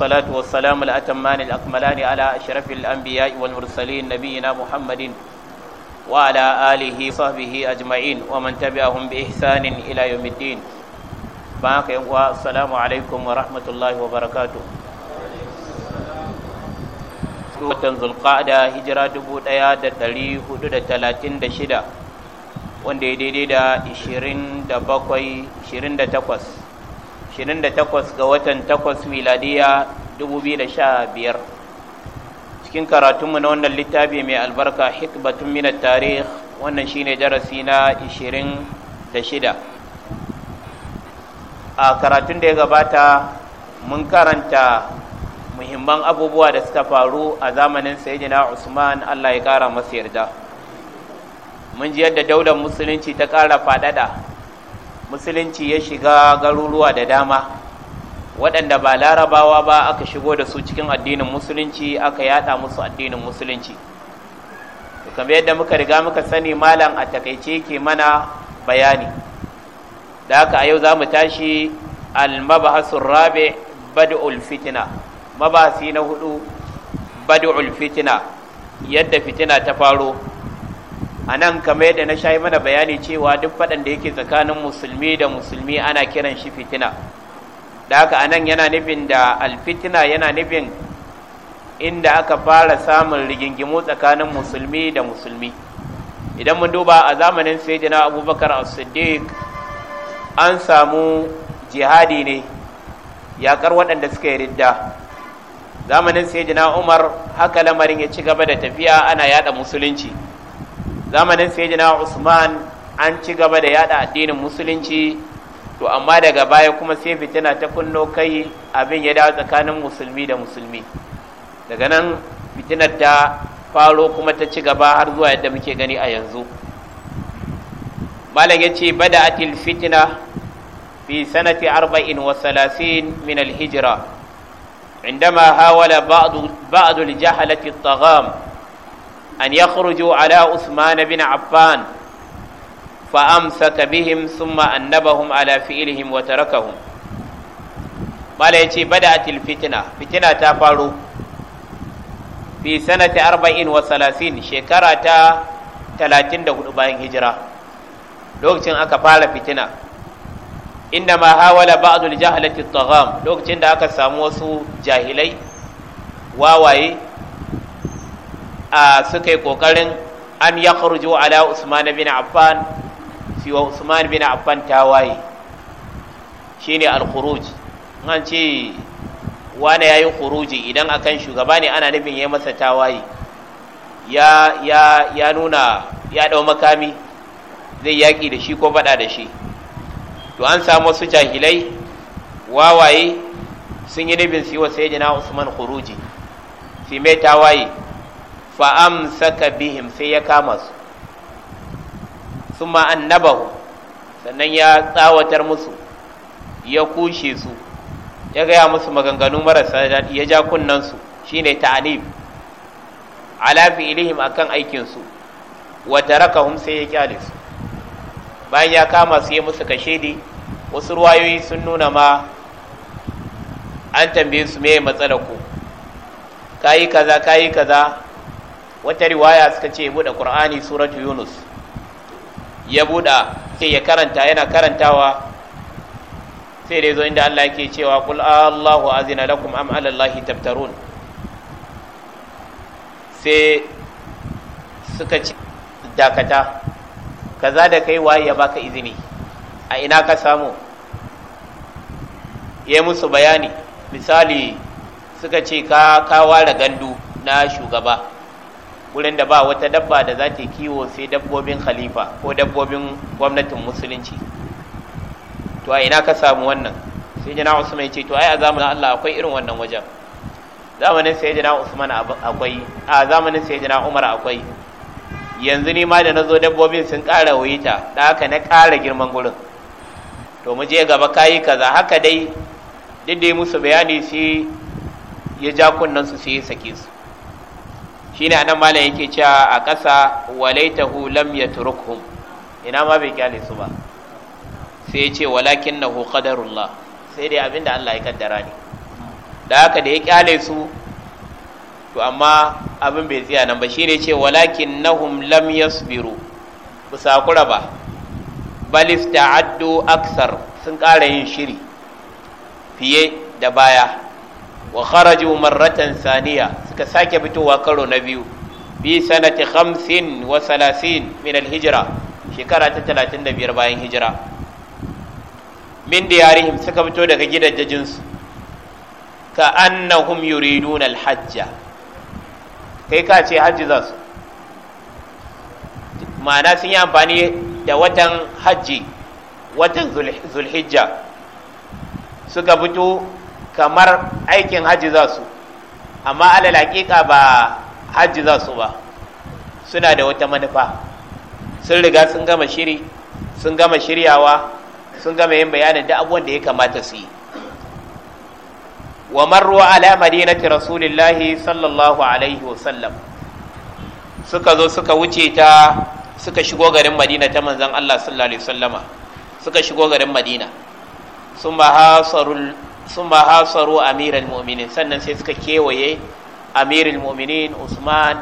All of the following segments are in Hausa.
والصلاة والسلام الأتمان الأكملان على أشرف الأنبياء والمرسلين نبينا محمد وعلى آله وصحبه أجمعين ومن تبعهم بإحسان إلى يوم الدين باقي والسلام عليكم ورحمة الله وبركاته watan zulqa'ada hijira 1436 wanda ya daidai da 27 28 28 ga watan 8 miladiya 2015 cikin karatunmu na wannan littafi mai albarka hikbatun minar tarih wannan shine darasi na 26 a karatun da ya gabata mun karanta muhimman abubuwa da suka faru a zamanin sayyidina usman allah ya kara masa yarda mun ji yadda daular musulunci ta kara fadada musulunci ya shiga garuruwa da dama waɗanda ba larabawa ba aka shigo da su cikin addinin musulunci aka yada musu addinin musulunci kamar yadda muka riga muka sani malam a takaice ke mana bayani da haka a yau za mu tashi almabahasun rabe bad'ul fitina mabasi na hudu bad'ul fitina yadda fitina ta faro a nan kamar yadda na shayi mana bayani cewa duk faɗan da yake tsakanin musulmi da musulmi ana kiran shi fitina da haka a nan yana nufin da alfitina yana nufin inda aka fara samun rigingimu tsakanin musulmi da musulmi idan mun duba a zamanin sayyidina abubakar as-siddiq an samu jihadi ne yakar waɗanda suka yi ridda zamanin saidina umar haka lamarin ya ci gaba da tafiya ana yada musulunci zamanin sayyidina Usman an ci gaba da yada addinin musulunci to amma daga baya kuma sai fitina ta kunno kai abin ya dawo tsakanin musulmi da musulmi daga nan fitinar ta faro kuma ta ci gaba har zuwa yadda muke gani a yanzu malam yace bada'atil fitina fi sanati salasin min al-hijra عندما هاول بعض بعض الجهلة الطغام أن يخرجوا على عثمان بن عفان فأمسك بهم ثم أنبهم على فئلهم وتركهم قال يتي بدأت الفتنة فتنة تفارو في سنة أربعين وثلاثين شكرة تلاتين دهود باين هجرة لوكتين أكفال فتنة إنما هاول بعض الجهلة الطغام لوكتين ده أكساموسو جاهلي واواي suka yi kokarin an ya kharuju ala usman bin affan wa usman bin affan tawaye shine al-khuruj an ce wani yayi khuruji idan akan shugaba ne ana nufin yayi masa tawaye ya ya ya nuna ya dau makami zai yaki da shi ko fada da shi to an samu wasu jahilai waye sun yi nufin siwa sayyidina usman khuruji sai mai tawaye fa'amsaka bihim sai ya kama su suma annabahu sannan ya tsawatar musu ya kushe su ya gaya musu maganganu marasa daɗi ya ja kunnansu shine alafi ilihim a kan aikinsu raka tarakahum sai ya kyale su bayan ya kama su ya musu kashedi wasu ruwayoyi sun nuna ma an tambaye su me matsalar ku yi kaza ka yi kaza wata riwaya suka ce ya buɗe ƙur'ani suratu yunus ya buɗe sai ya karanta yana karantawa sai dai zo inda Allah yake cewa qul allahu azina lakum am ala allahi tabtarun sai suka ce dakata kaza da kai waye ya baka izini a ina ka samu ya musu bayani misali suka ce ka da gandu na shugaba wurin da ba wata dabba da za ta kiwo sai dabbobin khalifa ko dabbobin gwamnatin musulunci to a ina ka samu wannan sai jana usman ya ce to ai a zamanin Allah akwai irin wannan wajen zamanin sai jana usman akwai a zamanin sai jana umar akwai yanzu ni ma da nazo dabbobin sun ƙara wuyita da haka na ƙara girman gurin to mu je gaba kayi kaza haka dai duk da musu bayani sai ya ja kunnen su sai ya sake su shine anan malam yake cewa a ƙasa walaitahu lam yatrukhum ina ma bai kyale su ba sai ya ce walakinnahu qadarullah sai dai abinda Allah ya kaddara ne da haka da ya kyale su to amma abin bai tsaya nan ba shine ce walakinnahum lam yasbiru ku sakura ba bal ista'addu aksar sun ƙara yin shiri fiye da baya wa kharaju marratan saniya ta sake fitowa karo na biyu bi sanati khamsin wa salasin min alhijra shekara ta talatin da biyar bayan hijira min diyarihim suka fito daga su. ka annahum yuriduna alhajja kai ka ce hajji za su ma'ana sun yi amfani da watan hajji watan zulhijja suka fito kamar aikin hajji za su amma alal haƙiƙa ba hajji za su ba suna da wata manufa sun riga sun gama shiri sun gama shiryawa sun gama yin bayanin da abubuwan da ya kamata su yi wa marwa ala madinati rasulillahi sallallahu alaihi wasallam suka zo suka wuce ta suka shigo garin madina ta manzan Allah sallallahu alaihi wasallama suka shigo garin madina sun hasarul sun ba hasaru amiral mu'minin sannan sai suka kewaye amirul mu'minin usman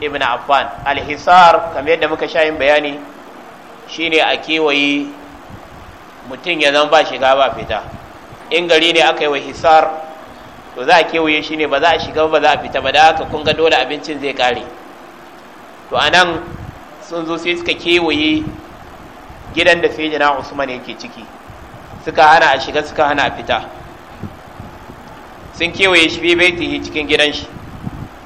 ibn affan alhisar kamar yadda muka sha yin bayani shine a kewaye mutum ya zama ba shiga ba fita in gari ne aka yi wa hisar to za a kewaye shi ne ba za a shiga ba za a fita ba da haka kun ga dole abincin zai kare to a nan sun zo sai suka kewaye gidan da sai jana usman yake ciki suka hana a shiga suka hana a fita sun kewaye shi bai baitihi cikin gidan shi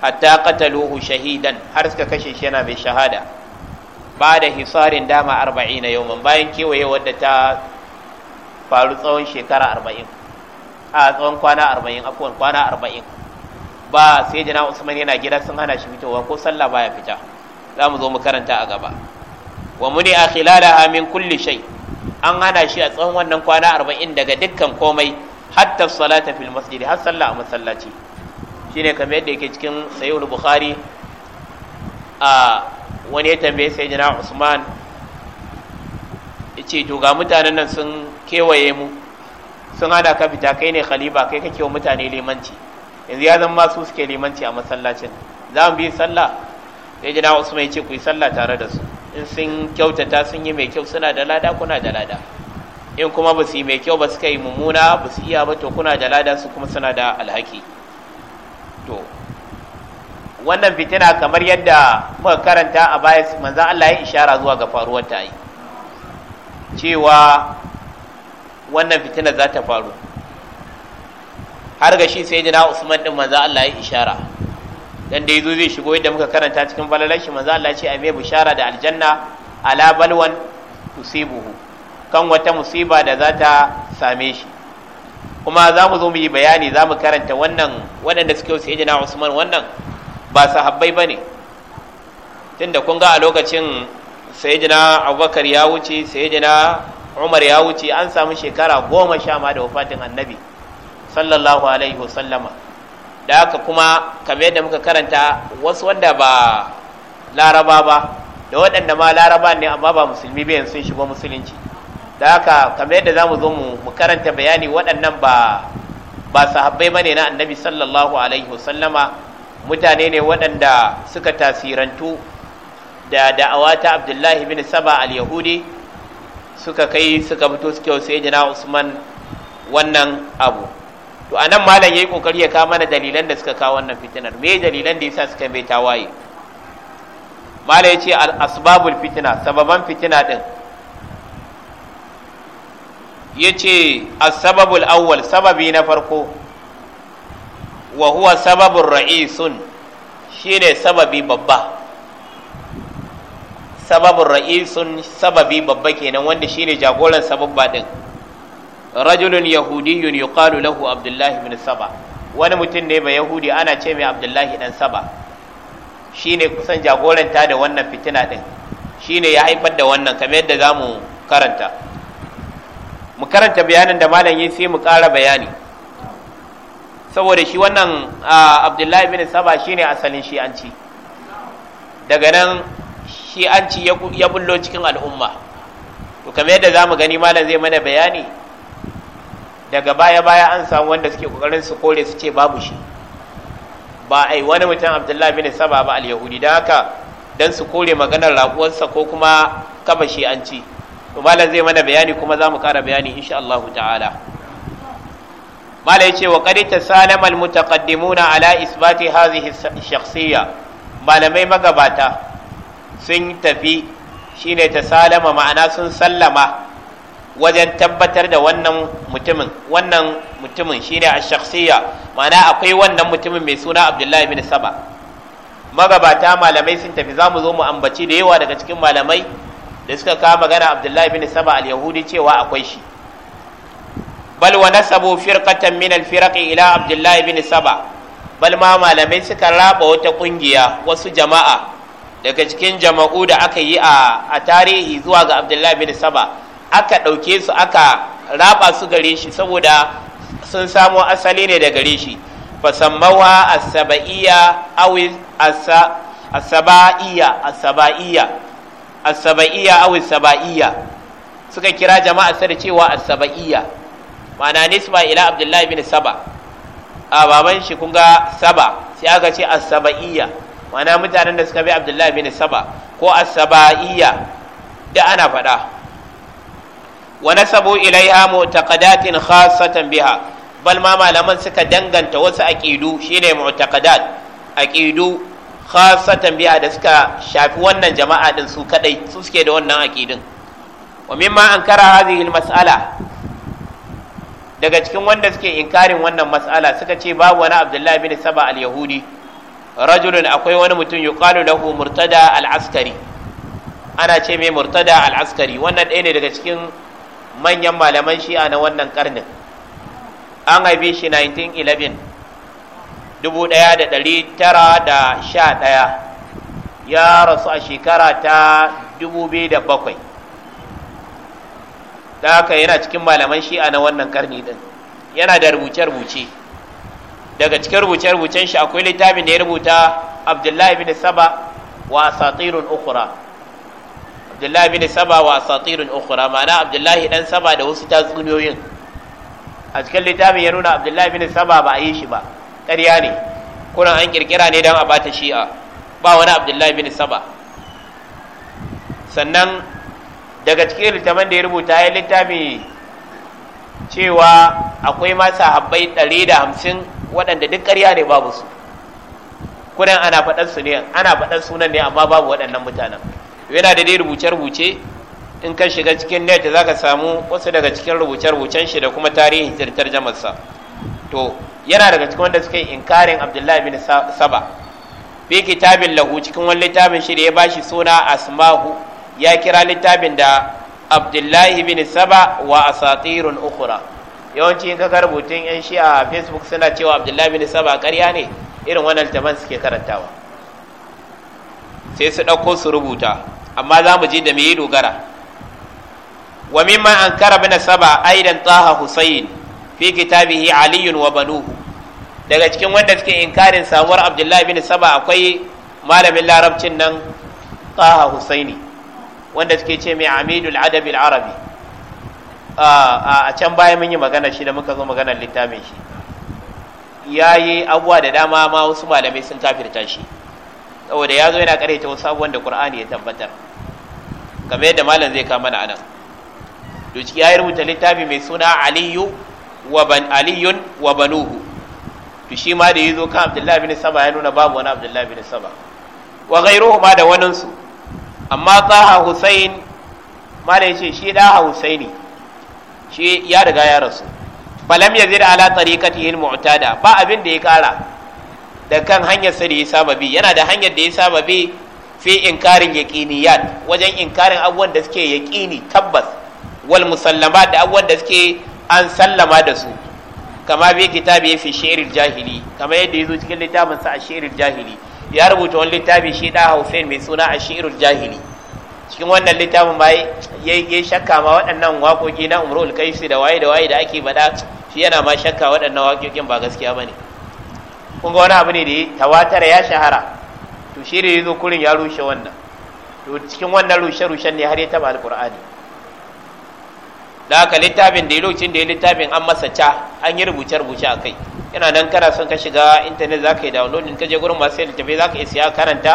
hatta qataluhu shahidan har suka kashe shi yana mai shahada ba da hisarin dama yau, yawman bayan kewaye wadda ta faru tsawon shekara arba'in a tsawon kwana arba'in afuwan kwana arba'in ba sai jana usman yana gida sun hana shi fitowa ko sallah baya fita za mu zo mu karanta a gaba wa muni a khilalaha min kulli shay' an hana shi a tsawon wannan kwana arba'in daga dukkan komai hatta salata fil masjid har sallah a masallaci shine kamar yadda yake cikin sahihul bukhari a wani ya tambaye sayyidina usman yace to ga mutanen nan sun kewaye mu sun hada ka fita kai ne khalifa kai kake wa mutane limanci yanzu ya zama su suke limanci a masallacin za mu bi sallah sai jina usman ya ce ku yi sallah tare da su in sun kyautata sun yi mai kyau suna da lada kuna da lada in kuma ba su yi mai kyau ba suka yi mummuna ba su iya ba to kuna da lada su kuma suna da alhaki to wannan fitina kamar yadda muka karanta a baya manzan Allah ya ishara zuwa ga faruwar ta yi cewa wannan fitina za ta faru har ga shi sai jina Usman din manzan Allah ya ishara dan da yazo zai shigo yadda muka karanta cikin balalashi shi manzo Allah ce ame, mai bishara da aljanna ala balwan tusibuhu kan wata musiba da za ta same shi kuma za mu zo mu yi bayani za mu karanta wannan waɗanda suke wasu ijina usman wannan ba sahabbai ba ne tunda kun ga a lokacin sayyidina abubakar ya wuce sayyidina umar ya wuce an samu shekara goma sha ma da wafatin annabi sallallahu alaihi wasallama da haka kuma kamar yadda muka karanta wasu wanda ba laraba ba da waɗanda ma laraba ne amma ba musulmi bayan sun shiga musulunci da haka kamar yadda za mu zo mu karanta bayani waɗannan ba ba sahabbai ne na annabi sallallahu alaihi wasallama mutane ne waɗanda suka tasirantu da da'awa ta abdullahi bin saba al-yahudi suka kai suka fito suke wasu usman wannan abu to anan malam yayi kokari ya kawo mana dalilan da suka kawo wannan fitinar me dalilan da yasa suka mai tawaye malam yace al asbabul fitina sababan fitina din yace as-sababul awwal sababi na farko wa huwa sababur ra'isun shine sababi babba sababin ra'isun sababi babba kenan wanda shine jagoran sababba din rajulun yahudiyyun yuqalu lahu abdullahi bin saba wani mutum ne ba yahudi ana ce mai abdullahi dan saba shine kusan jagoranta da wannan fitina din shine ya haifar da wannan kamar yadda zamu karanta mu karanta bayanin da malam yi sai mu ƙara bayani saboda shi wannan abdullahi bin saba shine asalin shi'anci daga nan shi'anci ya bullo cikin al'umma to kamar yadda zamu gani malam zai mana bayani daga baya-baya an samu wanda suke kokarin su kore su ce babu shi ba yi wani mutum abdullahi bin saba ba al-yahudi don haka don su kore maganar raƙuwarsa ko kuma kafa shi an ci malam zai mana bayani kuma za mu ƙara bayani insha Allah ta'ala malam ya ce wa qad tasalama al-mutaqaddimuna ala isbati hadhihi shakhsiyya malamai magabata sun tafi shine tasalama ma'ana sun sallama wajen tabbatar da wannan mutumin wannan mutumin shine a shakhsiyya ma'ana akwai wannan mutumin mai suna Abdullahi bin Saba magabata malamai sun tafi zamu zo mu ambaci da yawa daga cikin malamai da suka kawo magana Abdullahi bin Saba al-Yahudi cewa akwai shi bal wa nasabu firqatan min al-firaq ila Abdullahi bin Saba bal ma malamai suka raba wata kungiya wasu jama'a daga cikin jama'u da aka yi a tarihi zuwa ga Abdullahi bin Saba aka ɗauke su aka raba su gare shi saboda sun samo asali ne da gare shi fasammawa asaba'iyya awi asaba'iyya asaba'iyya asaba'iyya awi saba'iyya suka kira jama'a sa da cewa asaba'iyya ma'ana nisba ila abdullahi bin saba a baban shi kun ga saba sai aka ce asaba'iyya ma'ana mutanen da suka bi abdullahi bin saba ko asaba'iyya da ana faɗa wa nasabu ilaiha mu'taqadatin khassatan biha bal ma malaman suka danganta wasu aqidu shine mu'taqadat aqidu khasatan biya da suka shafi wannan jama'a din su kadai su suke da wannan aqidin wa mimma ankara hadhihi almas'ala daga cikin wanda suke inkarin wannan mas'ala suka ce babu wani Abdullahi bin Saba al-Yahudi rajulun akwai wani mutum yuqalu lahu Murtada al ana ce mai Murtada al'askari wannan ɗaya ne daga cikin manyan malaman shi'a na wannan karnin an haife shi 1911 1911 ya rasu a shekara ta 2007 da haka yana cikin malaman shi'a na wannan karni din yana da rubuce-rubuce daga cikin rubuce-rubucen shi akwai littafin da ya rubuta abdullahi bin saba wa asatirun ukura abdullahi bin saba wa asatirul ukhra ma'ana abdullahi dan saba da wasu tatsuniyoyin a cikin littafin ya nuna abdullahi bin saba ba a yi shi ba ƙarya ne kuna an kirkira ne don a bata shi'a ba wani abdullahi bin saba sannan daga cikin littafin da ya rubuta ya littafi cewa akwai masa habbai ɗari da hamsin waɗanda duk ƙarya ne babu su kudan ana faɗar su ne ana faɗan sunan ne amma babu waɗannan mutanen yana da dai rubuce-rubuce in ka shiga cikin net za ka samu wasu daga cikin rubuce-rubucen shi da kuma tarihin jirtar jamarsa to yana daga cikin wanda suka yi inkarin abdullahi bin saba bi kitabin lahu cikin wani littafin shi da ya bashi suna asmahu ya kira littafin da abdullahi bin saba wa asatirun ukura yawanci in ka rubutun yan shi a facebook suna cewa abdullahi bin saba karya ne irin wannan littafin suke karantawa sai su ɗauko su rubuta amma za mu je da me dogara wa mimma ankara bin saba aidan taha husayn fi kitabihi ali wa banuhu daga cikin wanda suke inkarin samuwar abdullahi bin saba akwai malamin larabcin nan taha husaini wanda suke ce mai amidul al arabi a can baya mun yi magana shi da muka zo maganar littafin shi ya yi abuwa da dama ma wasu malamai sun kafirta shi saboda ya zo yana karaita wasu abubuwan da qur'ani ya tabbatar kamar yadda malam zai kama na anan ciki ya rubuta littafi mai suna aliyu wa ban aliyun wa banuhu to shi ma da yazo kan abdullahi bin saba ya nuna babu wani abdullahi bin saba wa ghairuhu ma da wanin su amma taha husain malam yace shi da husaini shi ya riga ya rasu falam yazid ala tariqatihi mu'tada ba abin da ya kara da kan hanyar sa da ya saba bi yana da hanyar da ya saba bi fi inkarin yaqiniyat wajen inkarin abubuwan da suke yaqini tabbas wal musallama da abubuwan da suke an sallama da su kama bi kitabi fi shi'ril jahili kama yadda yazo cikin littafin sa ashirul jahili ya rubuta wani littafi shi da Hussein mai suna ashirul jahili cikin wannan littafin ma yayi shakka ma waɗannan waƙoƙi na Umrul Kaisi da waye da waye da ake bada shi yana ma shakka waɗannan waƙoƙin ba gaskiya bane kun ga wani abu ne da tawatara ya shahara to shi da yazo kurin ya rushe wannan to cikin wannan rushe rushen ne har ya taba alqur'ani da haka littafin da ya lokacin da ya littafin an masa ca an yi rubuce rubuce a kai yana nan kana son ka shiga intanet za ka yi downloading ka je gurin masu littafai za ka iya karanta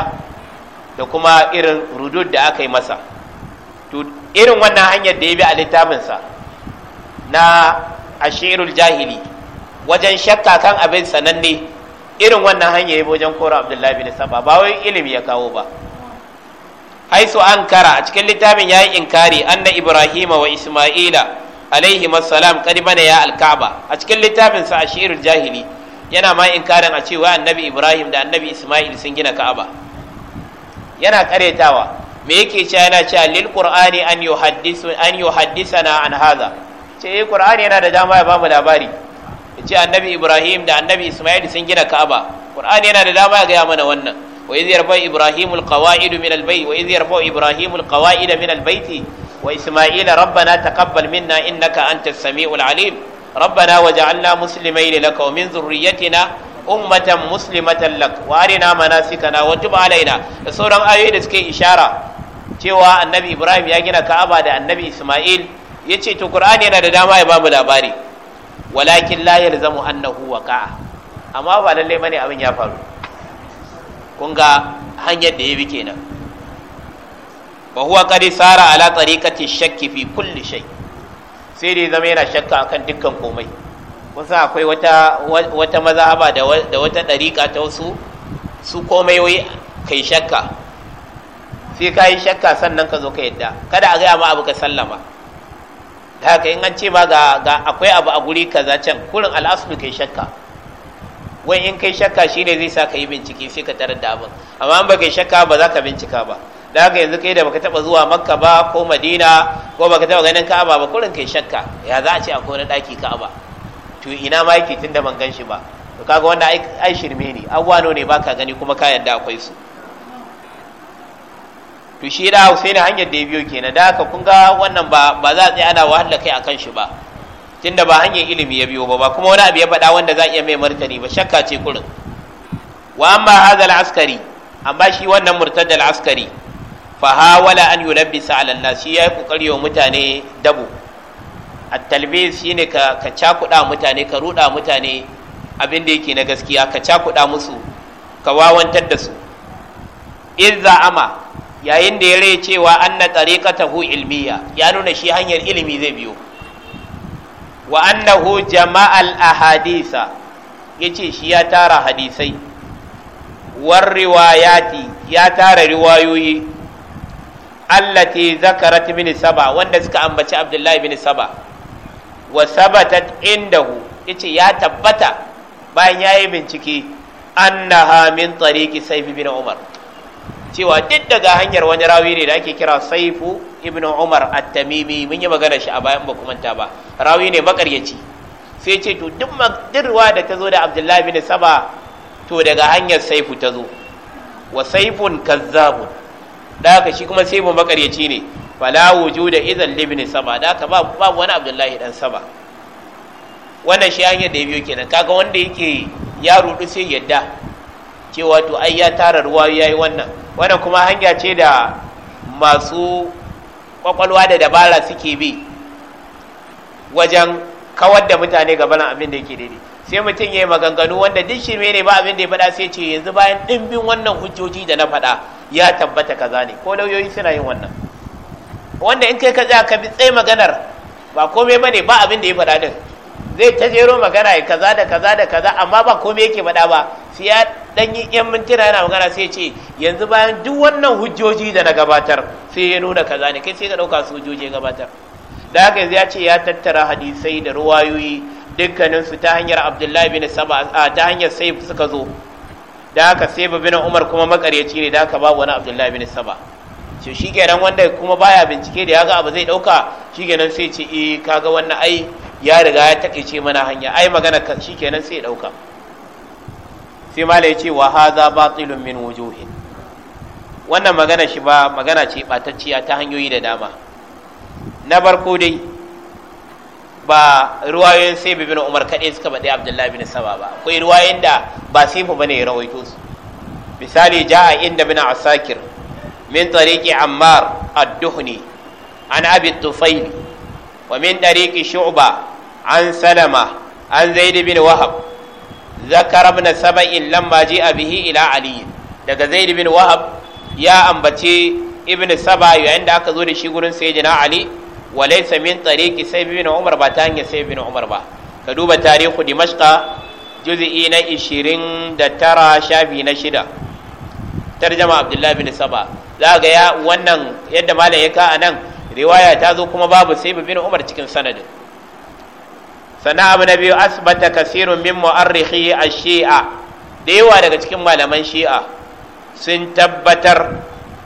da kuma irin rudud da aka yi masa to irin wannan hanyar da ya bi a littafinsa na ashirul jahili wajen shakka kan abin sananne irin wannan hanyar yabo wajen kora abdullahi bin saba ba wai ilimi ya kawo ba haisu an kara a cikin littafin ya yi inkari anna ibrahima wa isma'ila alaihi masalam kadi ne ya alka'aba a cikin littafin sa ashirul jahili yana ma inkarin a cewa annabi ibrahim da annabi isma'il sun gina ka'aba yana karetawa me yake cewa yana cewa lil qur'ani an yuhaddisu an yuhaddisana an hadha ce eh, qur'ani yana da dama ya bamu labari ya ce annabi ibrahim da annabi ismail sun gina ka'aba qur'ani yana da dama ya gaya mana wannan wa iz yarfa ibrahimul qawa'id min albayt wa iz yarfa ibrahimul qawa'id min albayti wa isma'ila rabbana taqabbal minna innaka antas samiul alim rabbana waj'alna muslimayn laka wa min dhurriyyatina ummatan muslimatan lak wa arina manasikana wa tub alaina da sauran ayoyi da suke ishara cewa annabi ibrahim ya gina ka'aba da annabi isma'il yace to qur'ani yana da dama ya bamu labari walakin la yalzamu annahu waqa'a amma ba lalle bane abin ya faru kun ga hanyar da ya bi kenan wa huwa qad sara ala tariqati shakki fi kulli shay sai dai zama yana shakka akan dukkan komai wasu akwai wata wata mazhaba da da wata dariqa ta wasu su komai wai kai shakka sai ka yi shakka sannan ka zo ka yadda kada a gaya ma abu ka sallama da haka in an ce ma ga akwai abu a guri kaza can kurin al'aslu kai shakka wai in kai shakka shi ne zai sa ka yi bincike sai ka tarar da abin amma in ba kai shakka ba za ka bincika ba da haka yanzu kai da baka taba zuwa makka ba ko madina ko baka taba ganin ka'aba ba kurin kai shakka ya za a ce akwai wani daki ka'aba to ina ma yake tunda ban gan shi ba to kaga wanda ai shirme ne abuwa ne baka gani kuma ka yarda akwai su to shi da Husaini hanyar da ya biyo kenan da haka kun ga wannan ba ba za a tsaya ana wahala kai akan shi ba tunda ba hanyar ilimi ya biyo ba ba kuma wani abu ya faɗa wanda za a iya mai martani ba shakka ce kurin wa amma hadal askari amma shi wannan murtadal askari fa hawala an yulabbisa ala nas shi yayi kokari wa mutane dabo at-talbis shine ka ka mutane ka ruda mutane abin da yake na gaskiya ka cakuɗa musu ka wawantar da su idza ama yayin da ya rai cewa anna tariqatahu ilmiya ya nuna shi hanyar ilimi zai biyo wa annahu jama'al ahadisa yace shi ya tara hadisai war riwayati ya tara riwayoyi allati zakarat bin saba wanda suka ambaci abdullahi bin saba wa sabatat indahu yace ya tabbata bayan yayi bincike annaha min tariqi sayf bin umar cewa duk daga hanyar wani rawi ne da ake kira saifu ibn umar at-tamimi mun yi magana shi a bayan ba ta ba rawi ne makaryaci sai ce to duk magdirwa da ta zo da abdullahi bin saba to daga hanyar saifu ta zo wa saifun kazzabun da haka shi kuma saifu makaryaci ne fala wujuda idan libni saba da haka babu wani abdullahi dan saba wannan shi hanyar da ya biyo kenan kaga wanda yake ya rudu sai yadda cewa to ai ya tara ruwa ya yi wannan wannan kuma hanya ce da masu kwakwalwa da dabara suke bi wajen kawar da mutane gaban abin da yake daidai sai mutum ya yi maganganu wanda duk shi ne ba abin da ya faɗa sai ce yanzu bayan ɗimbin wannan hujjoji da na faɗa ya tabbata kaza ne ko lauyoyi suna yin wannan wanda in kai ka za ka bi tsaye maganar ba komai bane ba abin da ya faɗa din zai ta jero magana ya kaza da kaza da kaza amma ba komai yake faɗa ba sai ya dan yi yan mintuna yana magana sai ce yanzu bayan duk wannan hujjoji da na gabatar sai ya nuna kaza ne kai sai ka ɗauka sojoji gabatar da haka yanzu ya ce ya tattara hadisai da ruwayoyi dukkaninsu ta hanyar abdullahi bin saba ta hanyar sai suka zo da haka sai babin umar kuma makaryaci ne da haka babu wani abdullahi bin saba to shi nan wanda kuma baya bincike da ya ga abu zai dauka shi nan sai ce eh kaga wannan ai ya riga ya takeice mana hanya ai magana shikenan sai dauka sai mala ya ce wa hadha batilun min wujuhin wannan magana shi ba magana ce batacciya ta hanyoyi da dama na barko dai ba ruwayoyin sai bibin umar kaɗai suka baɗe abdullahi bin saba ba akwai ruwayoyin da ba sai ba ne ya rawaito su misali ja'a inda bin asakir min tariqi ammar ad-duhni an abi tufaili wa min tariqi shu'ba an salama an zaid bin wahab zakara ibn saba'in lamma a bihi ila Aliyu, daga zaid bin wahab ya ambace ibn saba yayin da aka zo da shi gurin sayyidina ali wa laysa min tariqi sai bin umar ba ta hanyar sai bin umar ba ka duba tarihu Dimashka juzi'i na 29 shafi na shida tarjama abdullahi bin saba za ga ya wannan yadda malam ya ka anan riwaya ta zo kuma babu sai bin umar cikin sanadin sannan na biyu asbata kasirun min mu'arrikhi ash-shi'a da yawa daga cikin malaman shi'a sun tabbatar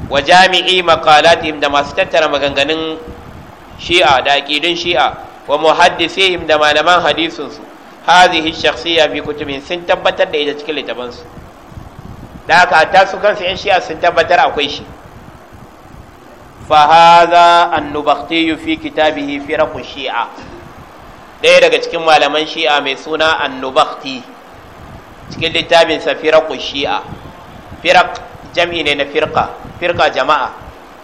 wa jami'i maqalatihim da masu tattara maganganun shi'a da aqidun shi'a wa muhaddisihim da malaman hadisin su hadhihi shakhsiyya fi kutubin sun tabbatar da ita cikin su, da haka ta su kansu yan shi'a sun tabbatar akwai shi فهذا النبختي في fi فرق shi'a. ɗaya daga cikin malaman shi'a mai suna annubakti cikin littafin sa firaku shi'a firak jam'i ne na firka firka jama'a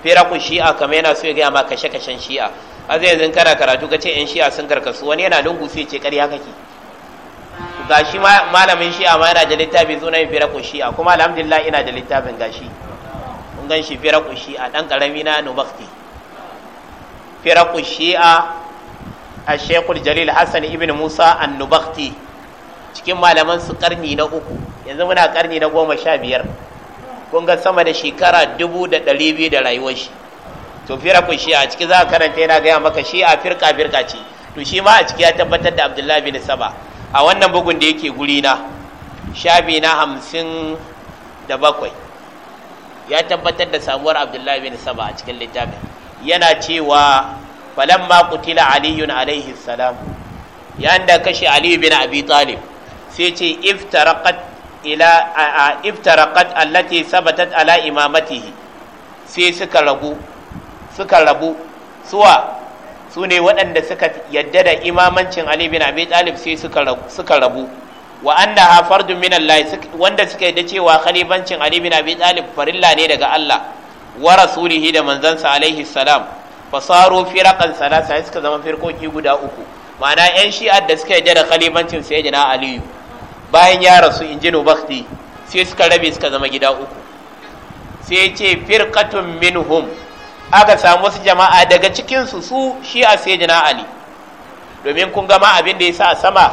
firaku shi'a kamar yana so ya gaya ma kashe kashen shi'a a zai yanzu kana karatu ka ce yan shi'a sun karkasu wani yana lungu sai ce ƙarya kake gashi malamin shi'a ma yana da littafi yin firaku shi'a kuma alhamdulillah ina da littafin gashi kun gan shi firaku shi'a dan karami na annubakti firaku shi'a A shekul jalil Hassan ibn musa an cikin malaman su karni na uku yanzu muna karni na goma sha biyar kun ga sama da shekara dubu da ɗari biyu da rayuwar shi to fira ku shi a ciki za a karanta yana gaya maka shi a firka firka ce to shi ma a ciki ya tabbatar da abdullahi bin saba a wannan bugun da yake guri na shabi na hamsin da bakwai ya tabbatar da sabuwar abdullahi bin saba a cikin littafin yana cewa falamma qutila aliyun alaihi salam yayin da kashe ali bin abi talib sai ce iftaraqat ila iftaraqat allati sabatat ala imamatihi sai suka rabu suka rabu suwa su ne waɗanda suka yadda da imamancin ali bin abi talib sai suka rabu wa annaha fardun min Allah wanda suka yadda cewa khalifancin Ali bin Abi Talib farilla ne daga Allah wa rasulihi da manzansa alaihi salam fasaro firakan salasa suka zama firkoki guda uku ma'ana yan shi'ar da suka yarda da khalifancin sayyidina ali bayan ya rasu injinu bakti sai suka rabe suka zama gida uku sai ya ce firqatun minhum aka samu wasu jama'a daga cikin su su shi'a sayyidina ali domin kun ga ma abin da yasa a sama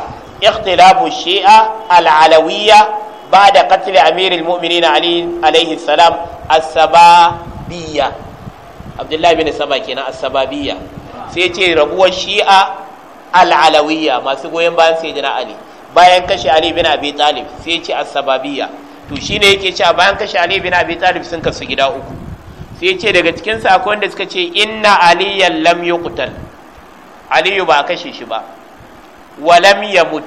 ikhtilafu shi'a al-alawiyya da qatl amiril mu'minin ali alayhi salam as-sababiyya abdullahi bin saba kenan as-sababiyya sai ce raguwar shi'a al-alawiyya masu goyon bayan jira ali bayan kashe ali bin abi talib sai ce as-sababiyya to shine yake cewa bayan kashe ali bin abi talib sun kasu gida uku sai ce daga cikin sa akwai wanda suka ce inna aliyan lam yuqtal aliyu ba kashe shi ba wa lam yamut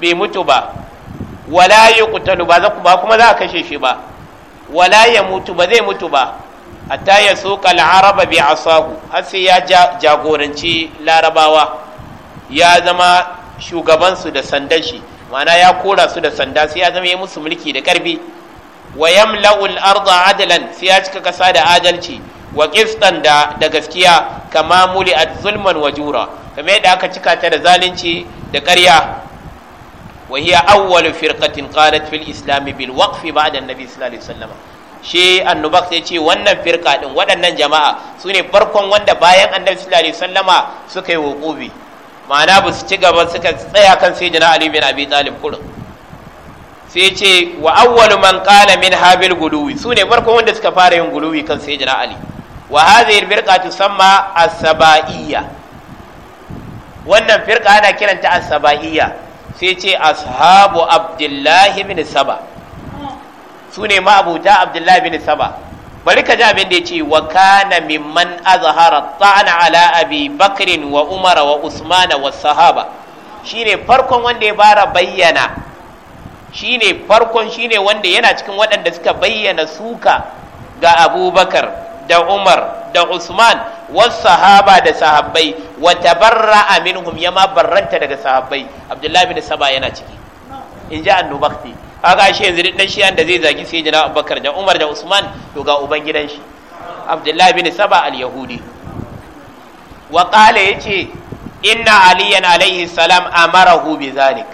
bai mutu ba wala yuqtalu ba kuma za a kashe shi ba wala yamutu ba zai mutu ba hatta ya suka al'araba bi asahu har sai ya jagoranci larabawa ya zama shugabansu da sandan shi ma'ana ya kora su da sanda sai ya zama ya musu mulki da karfi wa yamla'ul arda adalan sai ya cika kasa da adalci wa qistan da da gaskiya kama muli'at zulman wa jura kamar yadda aka cika ta da zalunci da ƙarya wa hiya firkatin firqatin qalat fil islam bil waqf ba'da an-nabi sallallahu alaihi wasallam shi annubak sai ce wannan firka din waɗannan jama'a su ne farkon wanda bayan annabi sallallahu alaihi Sallama suka yi wuqubi ma'ana ba su ci gaba suka tsaya kan sayyidina ali bin abi talib kurin sai ce wa awwalu man qala min habil guluwi su ne farkon wanda suka fara yin guluwi kan sayyidina ali wa hadhihi alfirqa tusamma as-sabaiyya wannan firka ana kiranta as-sabaiyya sai ce ashabu abdullahi bin su ne ma'abuta abdullahi bin saba bari ka ji abin da ya ce wa kana mimman azhara ta'ana ala abi bakrin wa umara wa Usman wa sahaba shine farkon wanda ya bara bayyana shine farkon shine wanda yana cikin waɗanda suka bayyana suka ga abubakar da umar da usman wa sahaba da sahabbai wa tabarra minhum ya ma barranta daga sahabbai abdullahi bin saba yana ciki in ji annubakti kaga shi yanzu duk dan shi'an da zai zagi sai jina abubakar da umar da usman to ga uban gidan shi abdullahi bin saba al-yahudi wa qala yace inna aliyan alayhi salam amarahu bi zalik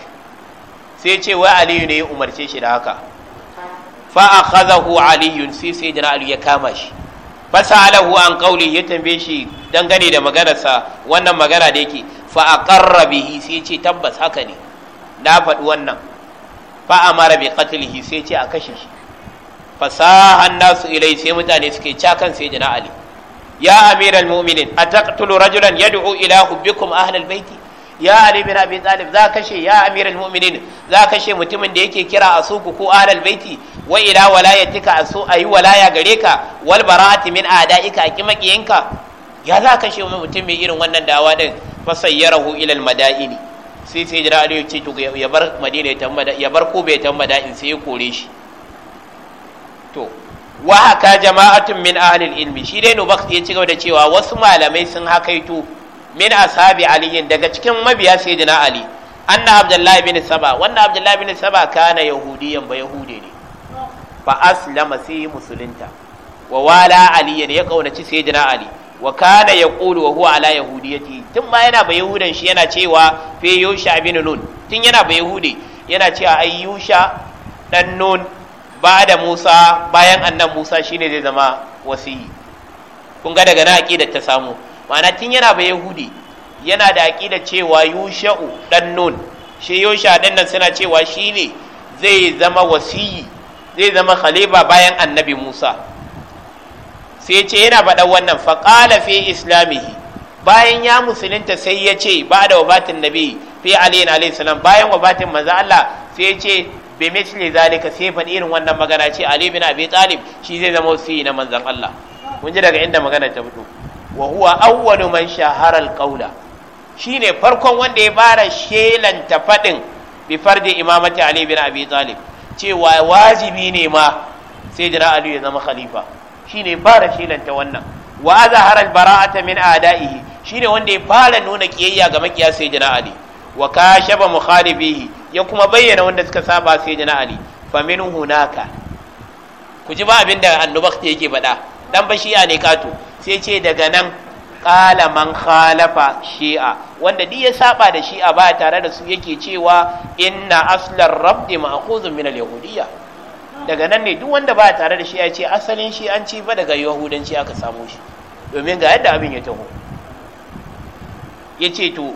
sai yace wai aliyu ne ya umarce shi da haka fa akhadhahu ali sai sai jina ali ya kama shi fasalahu an qawli ya tambaye shi dangane da maganarsa wannan magana da yake fa aqarra bihi sai ce tabbas haka ne na faɗi wannan fa amara bi qatlihi sai ce a kashe shi fasahan nasu ilai sai mutane suke cakan sai jina ali ya amiral mu'minin ataqtulu rajulan yad'u ila hubbikum ahlal baiti ya ali bin abi talib za kashe ya amiral mu'minin za kashe mutumin da yake kira a suku ko ahlal baiti wa ila walayatika asu ayi walaya gare ka wal bara'ati min a'daika akimakiyanka ya za kashe mutum mai irin wannan dawa din fasayyarahu ila al madaini sai sai jira aliyu ce to ya bar madina ya tambada ya bar kuba ya tambada in sai ya kore shi to wa haka jama'atun min ahlil ilmi shi dai nubakt ya ci gaba da cewa wasu malamai sun hakaito min ashabi aliyin daga cikin mabiya sayyidina ali anna abdullahi bin saba wannan abdullahi bin saba kana yahudiyan ba yahude ne fa aslama sai musulunta wa wala aliyan ya kaunaci sayyidina ali wa kana yaqulu wa huwa ala yahudiyati tun ma yana ba yahudan shi yana cewa fe yusha bin nun tun yana ba Yahudi yana cewa ai yusha dan nun ba da Musa bayan annan Musa shine zai zama wasiyi kun ga daga na aqidar ta samu ma'ana tun yana ba yahudi yana da aqida cewa yusha'u dan nun shi yusha dan nan suna cewa shine zai zama wasiyi zai zama khalifa bayan annabi Musa sai ce yana faɗan wannan faƙala fi islamihi bayan ya musulunta sai ya ce ba da wabatin nabi fi aliyin alayhi salam bayan wabatin manzo Allah sai ya ce bi misli zalika sai fa irin wannan magana ce ali bin abi talib shi zai zama wasi na manzon Allah mun ji daga inda magana ta fito wa huwa awwalu man shahara alqawla shine farkon wanda ya fara shelanta fadin bi fardi imamati ali bin abi talib cewa wajibi ne ma sai jira ali ya zama khalifa shine fara ta wannan wa azhara baraata min a'da'ihi shine wanda ya fara nuna kiyayya ga makiya sayyidina ali wa kashaba mukhalifihi ya kuma bayyana wanda suka saba sayyidina ali fa min hunaka ku ji ba abinda annubakti yake faɗa dan ba shi'a ne kato sai ce daga nan qala man khalafa shi'a wanda duk ya saba da shi'a ba tare da su yake cewa inna aslar rabbi ma'khuzun min al-yahudiyya daga nan ne duk wanda ba tare da shi ya ce asalin shi an ci ba daga yahudanci aka samu shi domin ga yadda abin ya taho ya ce to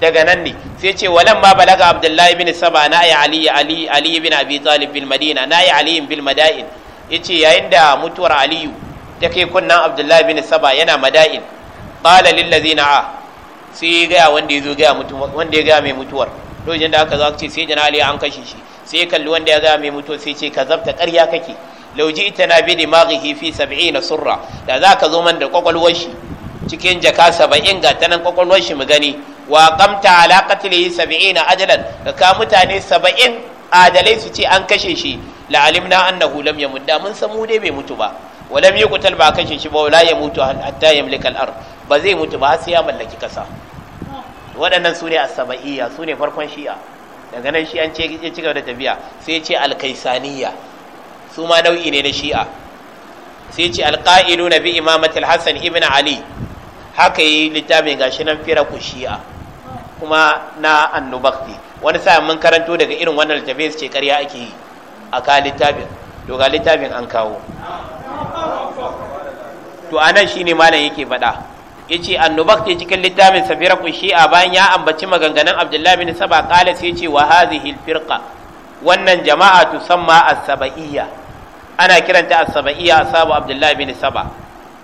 daga nan ne sai ce walan ma balaga abdullahi bin saba na yi ali ali ali bin abi talib bil madina na yi ali bil madain yace yayin da mutuwar aliyu ta kai kunnan abdullahi bin saba yana madain qala lil ladina a ah, sai ya ga wanda ya zo ga mutuwa wanda ya ga mai mutuwar lokacin da aka zo ce sai jana ali an kashe shi sai kalli wanda ya gaya mai mutuwa sai ce ka zabta ƙarya kake lauji ita na bidi maghihi fi sab'i na surra da za ka zo man da kwakwalwar shi cikin jaka saba'in ga ta nan kwakwalwar shi mu gani wa kamta ala qatlihi sab'ina ajalan ka ka mutane saba'in adalai su ce an kashe shi la alimna annahu lam yamut da mun san mu dai bai mutu ba wa lam yuqtal ba kashe shi ba wala yamutu hatta yamlika al-ard ba zai mutu ba har sai ya mallaki kasa waɗannan su ne as-saba'iyya su ne farkon shi'a daga nan shi an ce ya ci gaba da tafiya sai ce alkaisaniya su ma nau'i ne na shi'a sai ce alƙa'ilu na bi imamatul hassan ibn ali haka yi littafin gashi nan fira firaku shi'a kuma na annubakti wani sa mun karanto daga irin wannan littafin su ce karya ake yi a ka littafin to ga littafin an kawo to anan shine malam yake faɗa yace annubak ce cikin littafin safira ku shi'a bayan ya ambaci maganganun abdullahi bin saba Kala sai yace wa hadhihi alfirqa wannan jama'a tusamma as-saba'iyya ana kiranta as-saba'iyya asabu abdullahi bin saba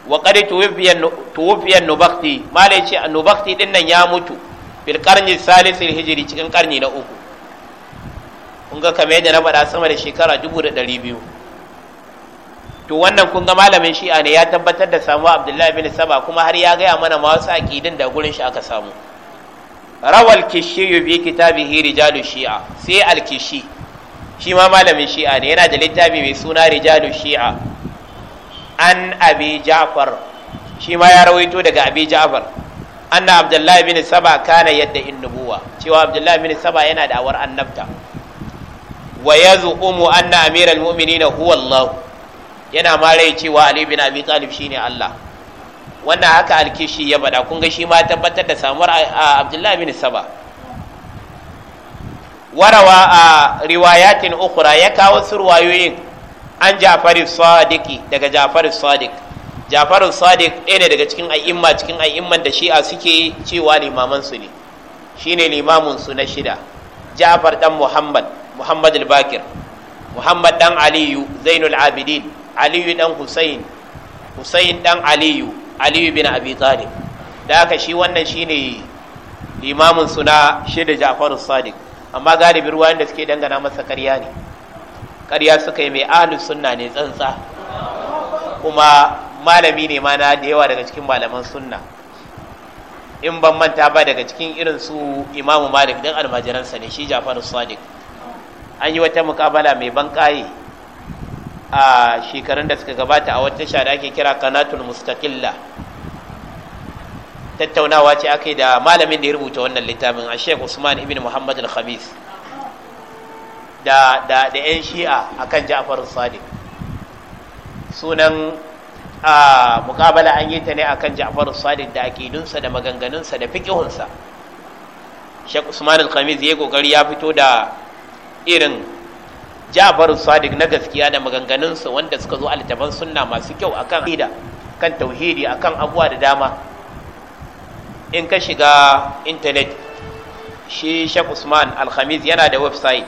wa qad tuwfiya tuwfiya annubakti mala yace annubakti din nan ya mutu fil qarni salis hijri cikin karni na uku kun ga kamar yadda na faɗa sama da shekara biyu. to wannan kun ga malamin shi'a ne ya tabbatar da samu abdullahi bin saba kuma har ya gaya mana ma wasu aƙidin da gurin shi aka samu rawal kishi bi kitabihi rijalu shi'a sai alkishi shi ma malamin shi'a ne yana da littafi mai suna rijalu shi'a an abi ja'far shi ma ya rawaito daga abi ja'far anna abdullahi bin saba kana yadda in nubuwa cewa abdullahi bin saba yana da awar annabta wa yaz'umu anna amiral mu'minina huwa allah yana ma rai cewa Ali bin Abi Talib shine Allah wannan haka alkishi ya bada kun ga shi ma tabbatar da samuwar Abdullahi bin Saba warawa a riwayatin ukhra ya kawo surwayoyin an Ja'far as-Sadiq daga Ja'far as-Sadiq Ja'far as-Sadiq ne daga cikin a'imma cikin a'imman da Shi'a suke cewa limaman su ne shine limamin su na shida Ja'far dan Muhammad Muhammad al-Bakir Muhammad dan Aliyu Zainul Abidin aliyu dan husayn husayn dan aliyu aliyu bin abi talib da haka shi wannan shine limamin Suna shida ja'faru sadiq amma galibin ruwayan da suke dangana masa ƙarya ne ƙarya suka yi mai ahlus sunna ne tsantsa kuma malami ne ma na da yawa daga cikin malaman sunna in ban manta ba daga cikin irin su imamu malik dan almajiransa ne shi jafar sadiq an yi wata mukabala mai ban a shekarun da suka gabata a wata sha da ake kira kanatul mustaqilla tattaunawa ce aka yi da malamin da ya rubuta wannan littafin a sheik usman ibn muhammad al-khamis da da yan shi'a akan ja'far sadiq sunan a mukabala an yi ta ne akan ja'far sadiq da aqidunsa da maganganunsa da fiqihunsa sheik usman al-khamis ya kokari ya fito da irin jafaru Sadiq na gaskiya da maganganunsa wanda suka zo a sunna masu kyau akan aqida kan tauhidi akan abuwa da dama in ka shiga intanet shi Sheikh Usman Al-Khamis yana da website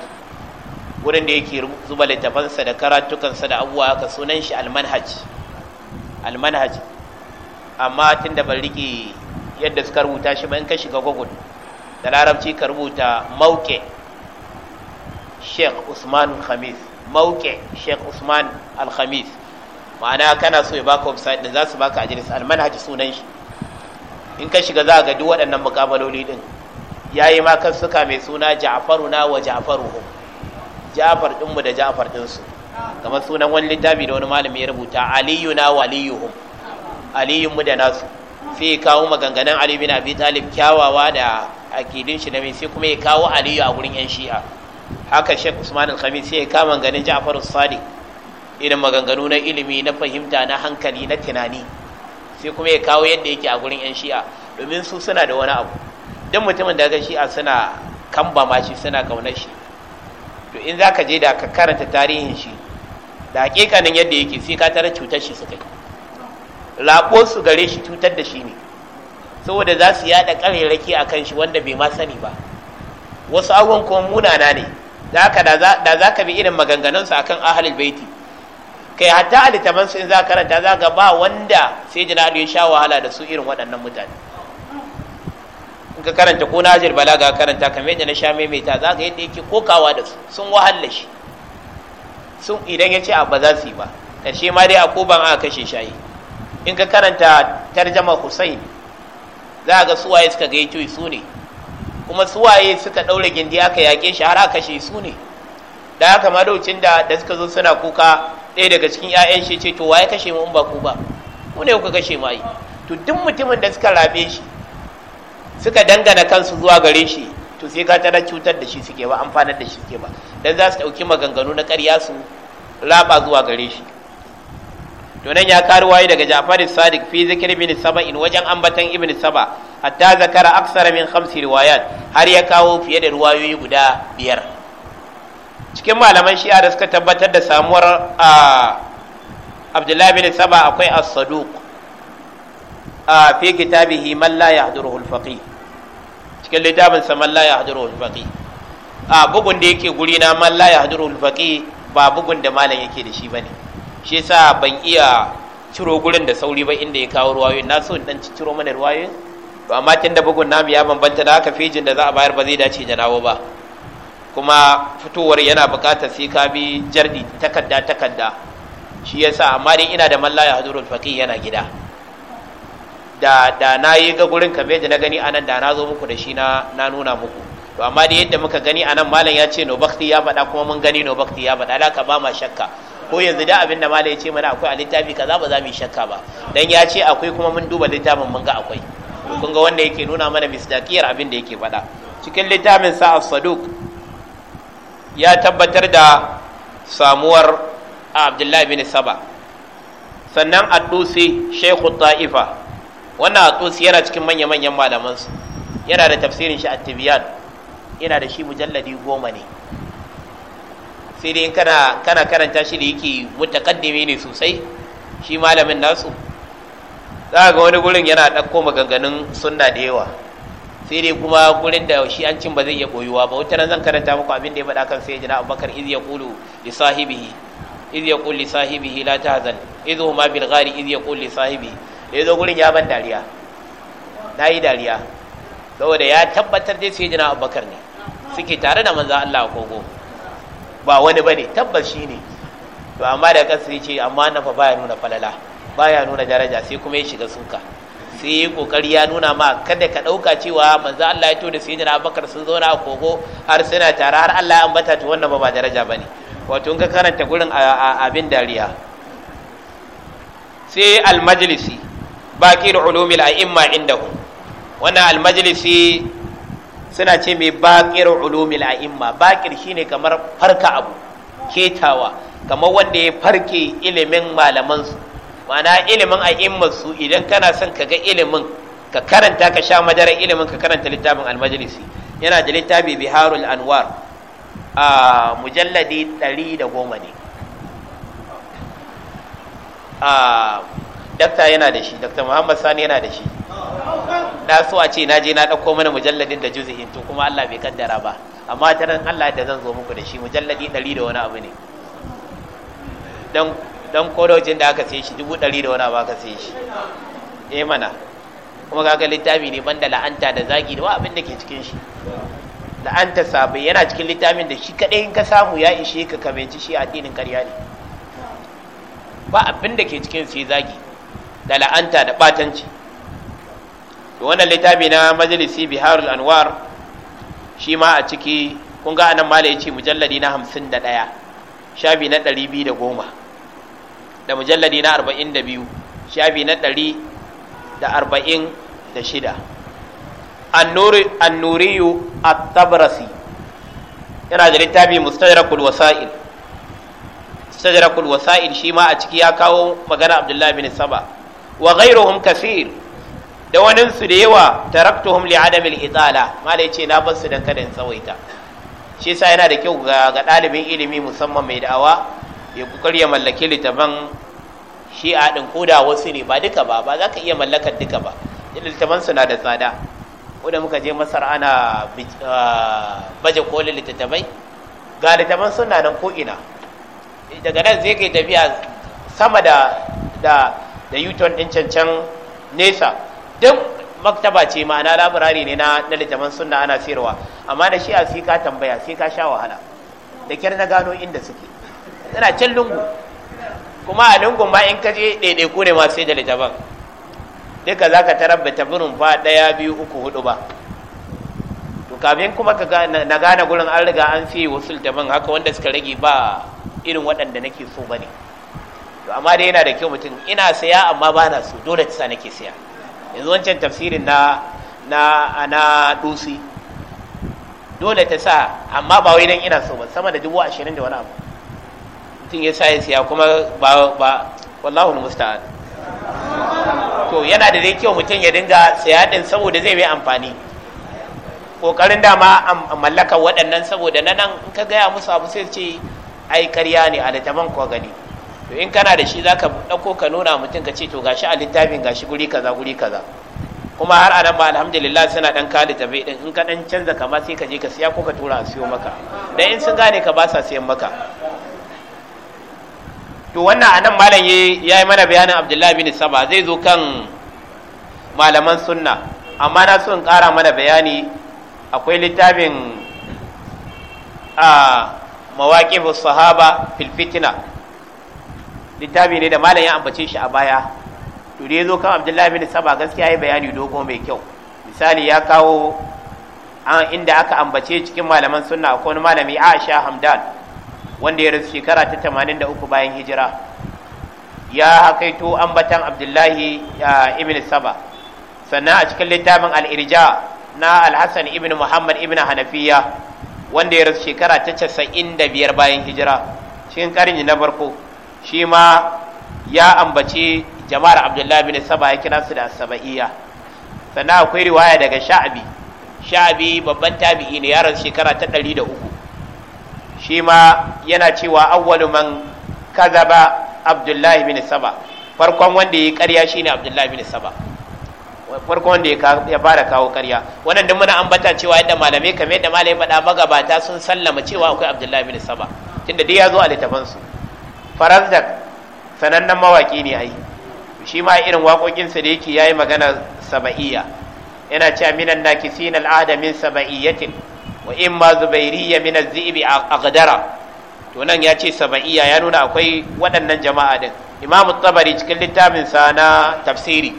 wurin da yake zuba littafansa da karatukansa da abuwa ka sunan shi Al-Manhaj Al-Manhaj amma tunda ban rike yadda suka rubuta shi ba in ka shiga Google da larabci ka rubuta mauke sheikh usman khamis mauke sheikh usman al-khamis ma'ana kana so ya baka website da za su baka ajiris al-manhaj sunan shi in ka shiga za ga duk waɗannan mukabaloli din yayi ma kan suka mai suna ja'faruna wa ja'faruhum ja'far dinmu da ja'far su kamar sunan wani littafi da wani malami ya rubuta aliyuna waliyuhum aliyun mu da nasu sai ya kawo maganganun Ali bin Abi Talib kyawawa da akidin shi na mai sai kuma ya kawo Aliyu a gurin yan Shi'a haka Sheikh Usman Al-Khamis sai ya kama ganin Ja'far Sadi. irin maganganu na ilimi na fahimta na hankali na tunani sai kuma ya kawo yadda yake a gurin 'yan shi'a domin su suna da wani abu dan mutumin da ga shi'a suna kamba ma shi suna kaunar shi to in za je da ka karanta tarihin shi da hakikanin yadda yake sai ka tara cutar shi suka yi su gare shi cutar da shi ne saboda za su yaɗa ƙarerraki a kan shi wanda bai ma sani ba wasu abubuwan kuma munana ne da da za ka bi irin maganganunsa akan ahalul baiti kai hatta alitaman su in za karanta za ga ba wanda sai jina ya sha wahala da su irin waɗannan mutane in ka karanta ko nazir balaga karanta kamar yadda na sha maimaita za yadda yake kokawa da su sun wahala shi sun idan ya ce ba za su yi ba ƙarshe ma dai a koban aka kashe shayi in ka karanta tarjama husaini za ga suwaye suka gaito su ne kuma suwaye suka ɗaura gindi aka yaƙe shi har aka kashe su ne da haka madaucin da da suka zo suna kuka ɗaya daga cikin 'ya'yan shi ce to waye kashe mu in ba ku ba ku ne kuka kashe mai to duk mutumin da suka rabe shi suka dangana kansu zuwa gare shi to sai ka tana cutar da shi suke ba amfanar da shi suke ba dan za su ɗauki maganganu na ƙarya su raba zuwa gare shi to nan ya karu waye daga Ja'far as-Sadiq fi zikr ibn Saba in wajen ambatan ibn Saba hatta zakara aksara min khamsi riwayat har ya kawo fiye da ruwayoyi guda biyar cikin malaman shi'a da suka tabbatar da samuwar Abdullahi bin Saba akwai as-Saduq a fi kitabihi man la yahduruhu al-faqih cikin littafin sa man la yahduruhu al a bugun da yake guri na man la yahduruhu al-faqih ba bugun da malam yake da shi bane shi yasa ban iya ciro gurin da sauri ba inda ya kawo ruwayoyin na so dan ciro mana ruwayoyin to amma tun da bugun namu ya bambanta da haka fejin da za a bayar ba zai dace da nawo ba kuma fitowar yana bukatar sai ka bi jardi takadda-takadda. shi yasa amma dai ina da mallaya hadurul faqih yana gida da da na yi ga gurin ka da na gani anan da na zo muku da shi na na nuna muku to amma da yadda muka gani anan malam ya ce no bakti ya faɗa kuma mun gani no bakti ya faɗa da ka ba ma shakka ko yanzu da abin da mala ya ce mana akwai a littafi kaza ba za mu yi shakka ba dan ya ce akwai kuma mun duba littafin mun ga akwai kun ga wanda yake nuna mana misdaqiyar abin da yake faɗa cikin littafin sa as-saduq ya tabbatar da samuwar Abdullahi bin Saba sannan Atusi Sheikhu Ta'ifa wannan Atusi yana cikin manya manyan malaman su yana da tafsirin shi at-Tibyan yana da shi mujalladi goma ne sai dai kana kana karanta shi da yake mutakaddimi ne sosai shi malamin nasu za ga wani gurin yana ɗauko maganganun sunna da yawa sai dai kuma gurin da shi an cin ba zai iya koyuwa ba wata zan karanta muku abin da ya faɗa kan sai jina abubakar iz yaqulu li sahibihi iz yaqulu li sahibihi la tahzan iz huma bil ghari iz yaqulu li sahibihi da yazo gurin ya ban dariya nayi dariya saboda ya tabbatar dai sai jina abubakar ne suke tare da manzo Allah kogo ba wani bane tabbas shine to amma da kansa ce, amma na fa baya nuna falala baya nuna daraja sai kuma ya shiga suka sai ya kokari ya nuna ma kada ka dauka cewa manzo Allah ya to da sayyidina Abubakar sun zauna a kogo har suna tare har Allah ya ambata to wannan ba ba daraja bane wato in ka karanta gurin abin dariya sai al-majlisi baqi ulumil a'imma indahu wannan al-majlisi suna ce mai bakir ulumil a'imma baƙir shine kamar farka abu ketawa kamar wanda ya farke ilimin malamansu ma'ana ilimin su idan kana son ka ga ilimin ka karanta ka sha madarar ilimin ka karanta littafin almajalisi yana da littafi biharul anwar a mujalladi ɗari da goma dakta yana da shi dakta muhammad sani yana da shi na so a ce na je na ɗauko mana mujalladin da juzihin to kuma Allah bai kaddara ba amma ta nan Allah da zan zo muku da shi mujalladi ɗari da wani abu ne dan kodojin da aka sai shi dubu ɗari da wani abu aka sai shi eh mana kuma kaga littafi ne banda la'anta da zagi da wa abin da ke cikin shi la'anta sabai yana cikin littafin da shi kadai in ka samu ya ishe ka kamaici shi addinin karya ne ba abin da ke cikin sai zagi da la'anta da batanci to wannan littafi na majalisi biharul anwar shi ma a ciki kun ga anan mala yace mujalladi na 51 shafi na 210 da mujalladi na 42 shafi na 146 annuri annuriyu at-tabrasi yana da littafi mustadrakul wasa'il mustadrakul wasa'il shi ma a ciki ya kawo magana abdullahi bin saba wa ghairuhum kaseer da waninsu da yawa taraktuhum li adamil itala malai ce na bar su dan kada in tsawaita shi yasa yana da kyau ga ɗalibin ilimi musamman mai da'awa ya kokari ya mallaki littafan a din koda wasu ne ba duka ba ba za ka iya mallakar duka ba littafan su na da tsada ko da muka je masar ana baje kolin littattafai ga littafan suna nan ko ina daga nan zai kai tafiya sama da da da yuton din cancan nesa duk maktaba ce ma'ana labarari ne na littafin sunna ana sayarwa amma shi a sai ka tambaya sai ka sha wahala da kyar na gano inda suke tana can lungu kuma a lungun ma in ka je ko ne ma sai da littafin duka za ka tarar bata birin fa ɗaya biyu uku hudu ba to kafin kuma ka na gane gurin an riga an fi wasu littafin haka wanda suka rage ba irin waɗanda nake so ba ne to amma dai yana da kyau mutum ina saya amma ba na so dole ta sa nake saya yanzu wancan tafsirin na na ana dusi dole ta sa amma ba wai dan ina so ba sama da dubu ashirin da wani abu mutum ya sa ya siya kuma ba ba wallahu musta'an to yana da dai kyau mutum ya dinga siya din saboda zai yi amfani kokarin dama a mallaka waɗannan saboda na nan in ka gaya musu abu sai ce ai karya ne a littafin ko gani to in kana da shi za ka ɗauko ka nuna mutum ka ce to gashi a littafin gashi guri kaza guri kaza kuma har anan ba alhamdulillah suna dan kali tabe ɗin in ka dan canza kama sai ka je ka siya ko ka tura a siyo maka dan in sun gane ka ba sa siyan maka to wannan anan malam ya yi mana bayanin abdullahi bin saba zai zo kan malaman sunna amma na so in kara mana bayani akwai littafin a ah, mawaƙi sahaba fil fitna littafi ne da malam ya ambace shi a baya to da ya zo kan abdullahi bin saba gaskiya ya bayani dogo mai kyau misali ya kawo an inda aka ambace cikin malaman sunna akwai malami aisha hamdan wanda ya rasu shekara ta 83 bayan hijira ya hakaito ambatan abdullahi ibn saba sannan a cikin littafin al al'irja na alhassan ibn muhammad ibn hanafiya wanda ya rasu shekara ta 95 bayan hijira cikin karni na farko shi ma ya ambaci jama'ar abdullahi bin saba ya kira su da saba'iya sannan akwai riwaya daga sha'abi sha'abi babban tabi'i ne yaron shekara ta ɗari da uku shi ma yana cewa awwalu man kazaba abdullahi bin saba farkon wanda ya yi karya shine abdullahi bin saba farkon wanda ya fara kawo karya wannan duk muna ambata cewa yadda malamai kamar yadda malamai faɗa magabata sun sallama cewa akwai abdullahi bin saba tunda dai ya zo a littafansu farazdak sanannen mawaki ne ai shi ma irin waƙoƙinsa da yake yi magana saba'iyya yana cewa minan nakisin al'ada min saba'iyyatin wa in ma zubairiyya min az-zibi aqdara to nan ya ce saba'iyya ya nuna akwai waɗannan jama'a din imam tabari cikin littafin sa na tafsiri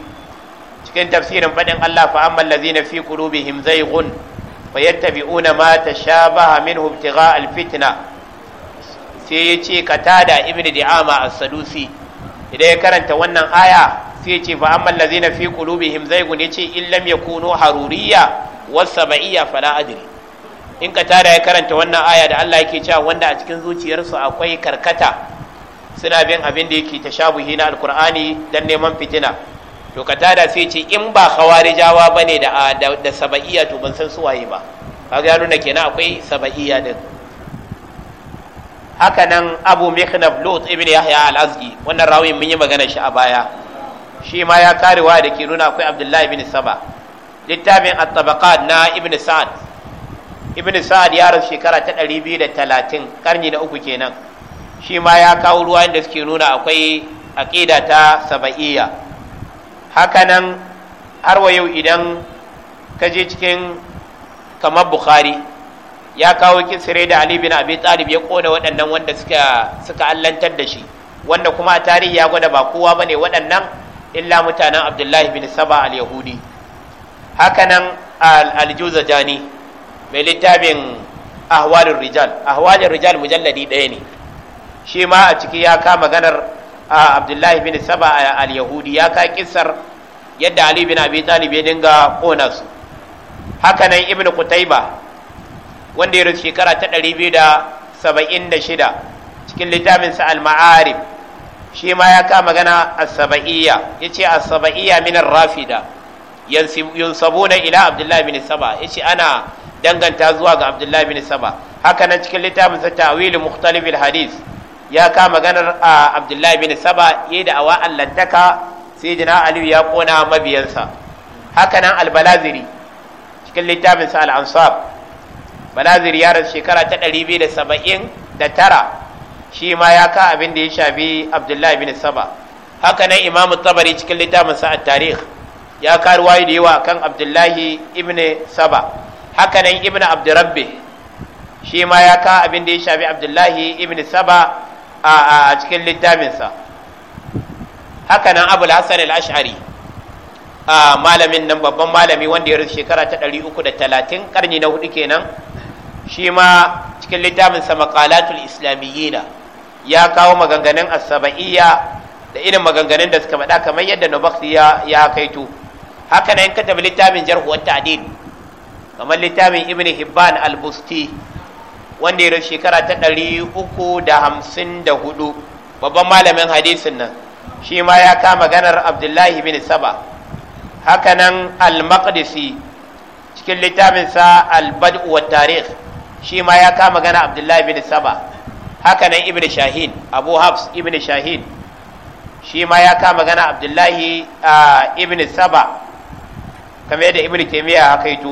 cikin tafsirin faɗin Allah fa amman lazina fi qulubihim zayghun wa yattabi'una ma tashabaha minhu ibtigha'a al-fitna sai ya ce ka katada ibn di'ama as-sadusi idan ya karanta wannan aya sai ya ce fa amman lazina fi qulubihim zaygun yace in lam yakunu haruriyya was-sab'iyya fala adri in ka tada ya karanta wannan aya da Allah yake cewa wanda a cikin zuciyarsu akwai karkata suna bin abin da yake tashabuhi na alkur'ani dan neman fitina to ka tada sai ce in ba khawarijawa bane da da saba'iyya to ban san waye ba kaga ya nuna kenan akwai saba'iyya da haka nan abu mihnab lut ibn yahya al-azgi wannan rawi mun yi magana shi a baya shi ma ya karewa da ke nuna akwai abdullahi ibn saba littafin at-tabaqat na ibn sa'ad ibn sa'ad ya rasu shekara ta 230 karni na uku kenan shi ma ya kawo ruwa inda suke nuna akwai aqida ta saba'iyya haka nan har wa yau idan ka je cikin kamar bukhari ya kawo kisire da ali bin abi talib ya kona waɗannan wanda suka suka allantar da shi wanda kuma a tarihi ya gwada ba kowa bane waɗannan illa mutanen abdullahi bin saba al-yahudi hakanan al-juzajani mai littafin ahwalur rijal ahwalur rijal mujalladi ɗaya ne shi ma a ciki ya ka maganar abdullahi bin saba al-yahudi ya ka kissar yadda ali bin abi talib ya dinga kona su hakanan ibnu Qutaybah wanda ya rasu shekara ta shida cikin littafin sa al-ma'arif shi ma ya ka magana as-saba'iyya yace as-saba'iyya min rafida, rafida yansabuna ila Abdullahi bin saba yace ana danganta zuwa ga Abdullahi bin saba haka nan cikin littafin sa ta'wil mukhtalif al-hadith ya ka maganar abdullah bin saba yayi da awa allantaka sayyidina aliyu ya kona mabiyansa haka nan albalaziri cikin littafin sa al-ansab banazir yaran shekara ta ɗari biyu da saba'in da tara shi ma ya ka abin da ya shafi abdullahi bin saba haka nan imam tabari cikin littafin sa tarih ya ka ruwayi da yawa kan abdullahi ibn saba haka nan ibn abdurrabbi shi ma ya ka abin da ya shafi abdullahi ibn saba a cikin littafinsa haka nan abul hassan al-ash'ari a malamin nan babban malami wanda ya rasu shekara ta 330 karni na hudu kenan shi ma cikin littafin sa maqalatul islamiyyina ya kawo maganganun Asaba'iyya da irin maganganun da suka faɗa kamar yadda Nabakhti ya ya kaito haka nan ka littafin jarh wa ta'dil kamar littafin Ibn Hibban al-Busti wanda ya shekara ta 354 babban malamin hadisin nan shi ma ya kama maganar Abdullahi bin Saba haka nan al-Maqdisi cikin littafinsa al-Bad'u wa Tarikh shi ma ya kama gana abdullahi bin saba haka nan ibn shahin abu hafs ibn shahin shi ma ya kama gana abdullahi ibn saba kamar yadda ibn kimiyya haka yi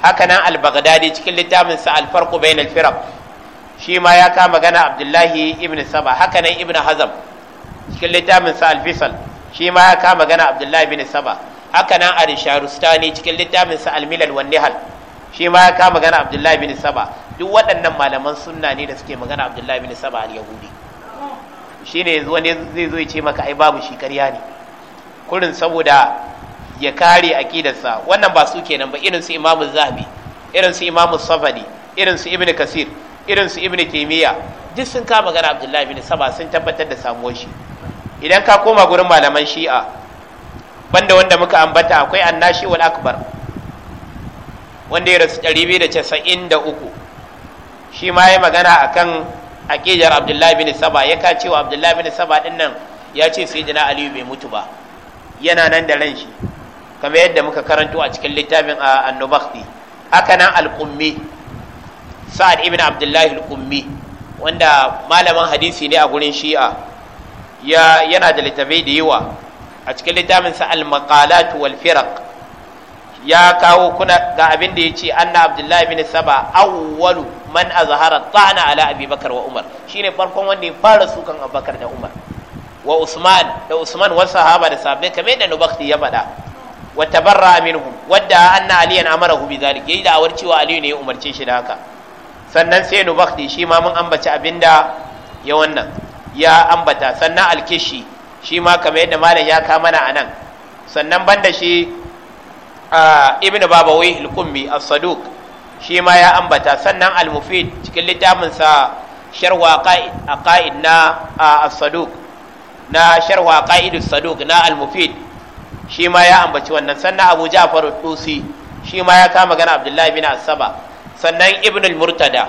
haka nan al-baghdadi cikin littafin al-farqu bain al-firaq shi ma ya kama gana abdullahi ibn saba haka nan ibn Hazam, cikin littafin al-fisal shi ma ya kama gana abdullahi ibn saba haka nan al-sharustani cikin littafin al-milal wan nihal shi ma ya kama gana abdullahi ibn saba duk waɗannan malaman sunna ne da suke magana abdullahi bin saba al-yahudi shine yanzu wani zai zo ya ce maka ai babu shi ƙarya ne kurin saboda ya kare aqidarsa wannan ba su kenan ba irin su imamu zahabi irin su imamu safadi irin su ibnu kasir irin su ibnu taymiya duk sun kama magana abdullahi bin saba sun tabbatar da samuwar shi idan ka koma gurin malaman shi'a banda wanda muka ambata akwai annashi wal akbar wanda ya rasu 293 shi ma ya magana a kan aƙijar abdullahi bin saba ya ka cewa abdullahi bin saba din nan ya ce sai jina aliyu bai mutu ba yana nan da ran shi kamar yadda muka karanto a cikin littafin a annubakti haka nan al-qummi sa'ad ibn abdullahi al-qummi wanda malaman hadisi ne a gurin shi'a yana da littafai da yawa a cikin littafin sa al-maqalat wal firaq ya kawo kuna ga abin da ya ce anna abdullahi bin saba awwalu man azhara ta'ana ala Bakar wa umar shine farkon wanda ya fara sukan abubakar da umar wa usman da usman wa sahaba da sahabbai kamar yadda nubakti ya faɗa wa tabarra minhum wadda anna aliyan amarahu bi zalik yayi da'awar cewa aliyu ne ya umarce shi da haka sannan sai nubakti shi ma mun ambaci abin da ya wannan ya ambata sannan alkishi shi ma kamar yadda malam ya ka mana anan sannan banda shi ibn babawai al-qummi as-saduq shi ma ya ambata sannan al-mufid cikin littafin sa sharwa aqaid na as-saduq na sharwa aqaid as-saduq na al-mufid shi ma ya ambaci wannan sannan abu ja'far ad-dusi shi ma ya kama gana abdullahi bin as-saba sannan ibn al-murtada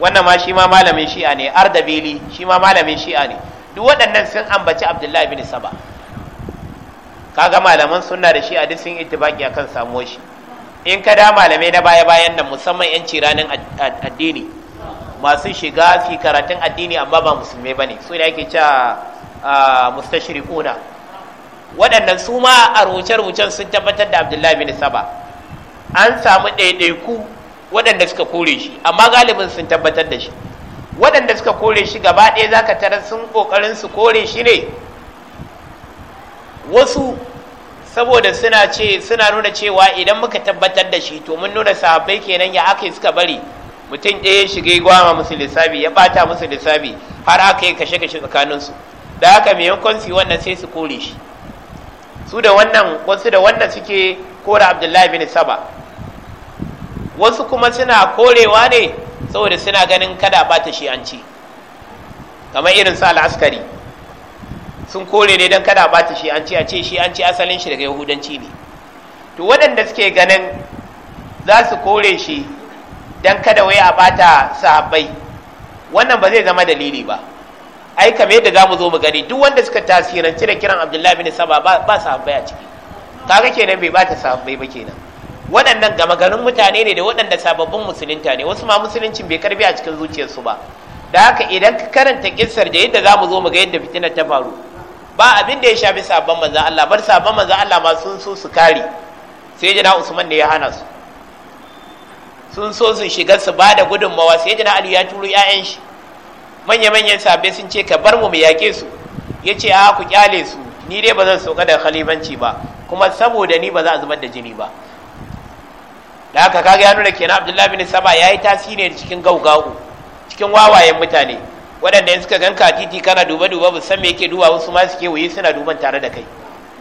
wannan ma shi ma malamin shi'a ne ardabili shi ma malamin shi'a ne duk waɗannan sun ambaci abdullahi bin saba kaga malaman sunna da shi a duk sun ittifaki akan samuwar shi in ka da malamai na baya bayan nan musamman yan ciranin addini masu shiga fi karatun addini amma ba musulmai bane su ne ake cewa mustashriquna waɗannan su ma a rubuce-rubucen sun tabbatar da abdullahi bin saba an samu ɗaiɗaiku waɗanda suka kore shi amma galibin sun tabbatar da shi waɗanda suka kore shi gaba ɗaya za ka tarar sun ƙoƙarin su kore shi ne wasu saboda suna ce suna nuna cewa idan muka tabbatar da shi to mun nuna sahabbai kenan ya aka suka bari mutum ɗaya shiga gwama musu lissafi ya bata musu lissafi har aka yi kashe kashe tsakaninsu da haka yankon su wannan sai su kore shi su da wannan wasu da wannan suke kore abdullahi bin saba wasu kuma suna korewa ne saboda suna ganin kada bata shi an ci kamar irin sa al'askari sun kore ne don kada ta shi an ce a ce shi an ce asalin shi daga yahudanci ne to waɗanda suke ganin za su kore shi don kada wai a ɓata sahabbai wannan ba zai zama dalili ba ai kamar yadda za mu zo mu gani duk wanda suka tasiranci da kiran abdullahi bin saba ba sahabbai a ciki kaga kenan bai bata sahabbai ba kenan waɗannan gama garin mutane ne da waɗanda sababbin musulunta ne wasu ma musuluncin bai karbi a cikin zuciyarsu ba da haka idan ka karanta kissar da yadda za mu zo mu ga yadda fitinar ta faru ba abin da ya shafi sabon manzan Allah bar sabon manzan Allah ma sun so su kare sai jina Usman ne ya hana su sun so su shiga su ba da gudunmawa sai jina Ali ya turo 'ya'yan shi manya-manyan sabai sun ce ka bar mu mu yaƙe su ya ce a ku kyale su ni dai ba zan sauka daga khalifanci ba kuma saboda ni ba za a zubar da jini ba da haka kaga ya nuna kenan Abdullahi bin Saba yayi tasiri cikin gaugawo cikin wawayen mutane waɗanda suka ganka a titi kana duba duba ba san me yake duba wasu ma suke waye suna duban tare da kai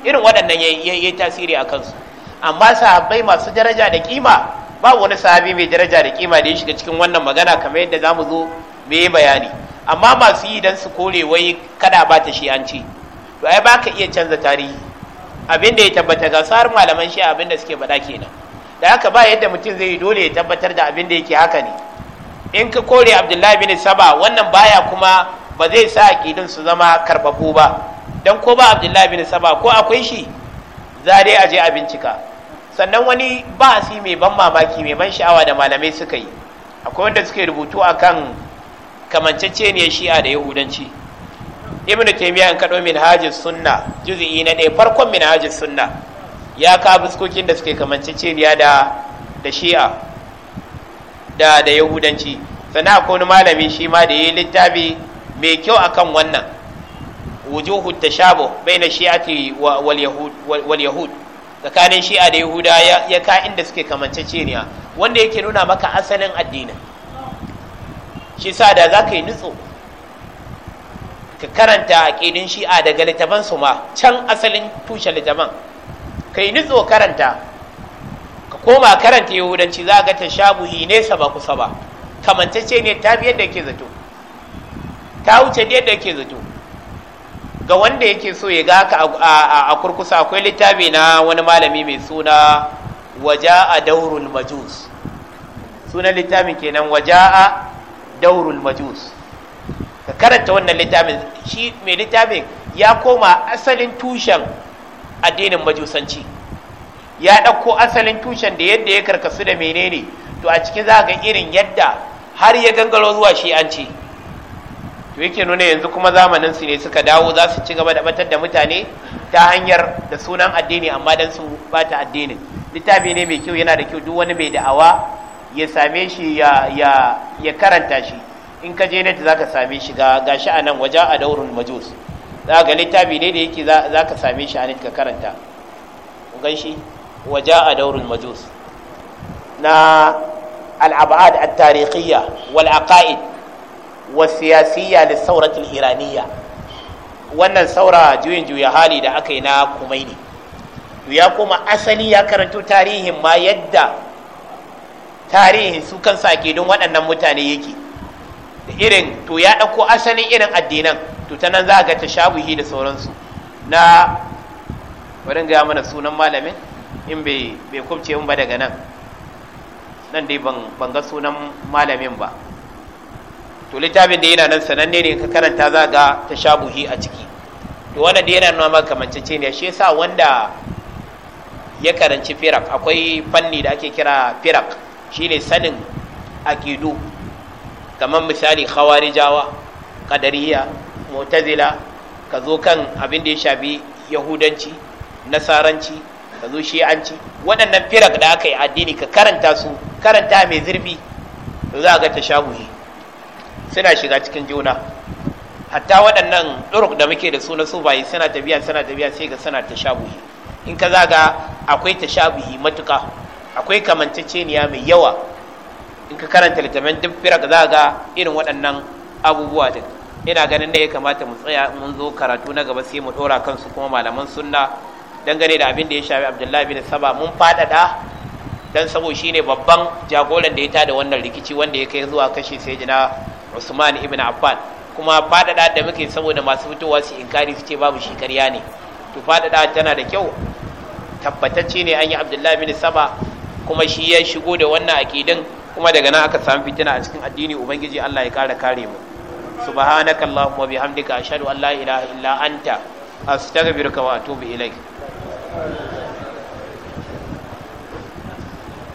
irin waɗannan ya yi tasiri a kansu amma sahabbai masu daraja da kima babu wani sahabi mai daraja da kima da ya shiga cikin wannan magana kamar yadda zamu zo me bayani amma masu yi dan su kore wai kada ba ta shi an ce. to ai ba ka iya canza tarihi abin da ya tabbata ga sar malaman shi abin da suke faɗa kenan da haka ba yadda mutum zai yi dole ya tabbatar da abin da yake haka ne in ka kore abdullahi bin saba wannan baya kuma ba zai sa aƙidin su zama karɓaɓɓu ba don ko ba abdullahi bin saba ko akwai shi za dai a je a bincika sannan wani bahasi mai ban mamaki mai ban sha'awa da malamai suka yi akwai wanda suka rubutu akan kamancece ne shi'a da yahudanci ibnu taymiya an kado sunna juz'i na ɗaya farkon minhajus sunna ya ka biskokin da suke kamancece ne da da shi'a da da yahudanci sannan akwai wani malami shi ma da yayi littafi mai kyau akan wannan wujuhu shabo, baina shi'ati wal yahud wal yahud tsakanin shi'a da yahuda ya ka inda suke kamanceceniya wanda yake nuna maka asalin addini shi sa da za ka yi nutso ka karanta aƙidin shi'a daga littafan ma can asalin tushe littafan ka yi nutso karanta ka koma karanta yahudanci za ga tashabuhi ne saba kusa ba kamantacce ne ta biyar da yake zato ta wuce da yadda yake zato ga wanda yake so ya ga haka a kurkusa akwai littafi na wani malami mai suna a daurul majus sunan littafin kenan a daurul majus ka karanta wannan littafin shi mai littafin ya koma asalin tushen addinin majusanci ya ɗauko asalin tushen da yadda ya karkasu da menene to a cikin za ga irin yadda har ya gangaro zuwa shi an ce to yake nuna yanzu kuma zamanin su ne suka dawo za su ci gaba da batar da mutane ta hanyar da sunan addini amma dan su bata addinin littafi ne mai kyau yana da kyau duk wani mai da'awa ya same shi ya ya ya karanta shi in ka je net zaka same shi ga gashi anan waja a daurul majus za ga littafi ne da yake za ka same shi a net ka karanta ku ganshi وجاء دور المجوس نا الأبعاد التاريخية والعقائد والسياسية للثورة الإيرانية wannan saura juyin juya hali da aka yi na kumaini ya kuma asali ya karanto tarihin ma yadda tarihin su kan sake don waɗannan mutane yake da irin to ya ɗauko asalin irin addinan to ta nan za ga tashabuhi da sauransu na bari mana sunan malamin in bai bai kubce mun ba daga nan nan dai ban ga sunan malamin ba to littafin da yana nan sananne ne ka karanta za ga shabuhi a ciki to wanda da yana nuna maka ne shi yasa wanda ya karanci firak akwai fanni da ake kira firak shine sanin aqidu kamar misali khawarijawa kadariya mu'tazila ka zo kan abin da ya shafi yahudanci nasaranci ka zo shi'anci waɗannan firak da aka yi addini ka karanta su karanta mai zurfi za a ga ta shaguhi. suna shiga cikin juna hatta waɗannan ɗuruk da muke da su na su bayi suna tafiya suna tafiya sai ga suna shaguhi. in ka za ga akwai ta shaguhi matuka akwai kamanceceniya mai yawa in ka karanta littafin duk firak za ga irin waɗannan abubuwa da ina ganin da ya kamata mu tsaya mun zo karatu na gaba sai mu ɗora kansu kuma malaman sunna dangane da abin da ya shafi abdullahi bin saba mun faɗaɗa dan sabo shine babban jagoran da ya tada wannan rikici wanda ya kai zuwa kashi sayyidina usman ibn affan kuma faɗaɗa da muke saboda masu fitowa su inkari su ce babu shi karya ne to faɗaɗa tana da kyau tabbatacce ne an yi abdullahi bin saba kuma shi ya shigo da wannan akidin, kuma daga nan aka samu fitina a cikin addini ubangiji Allah ya ƙara kare mu subhanakallahumma bihamdika ashhadu an la ilaha illa anta astaghfiruka wa atubu Amen.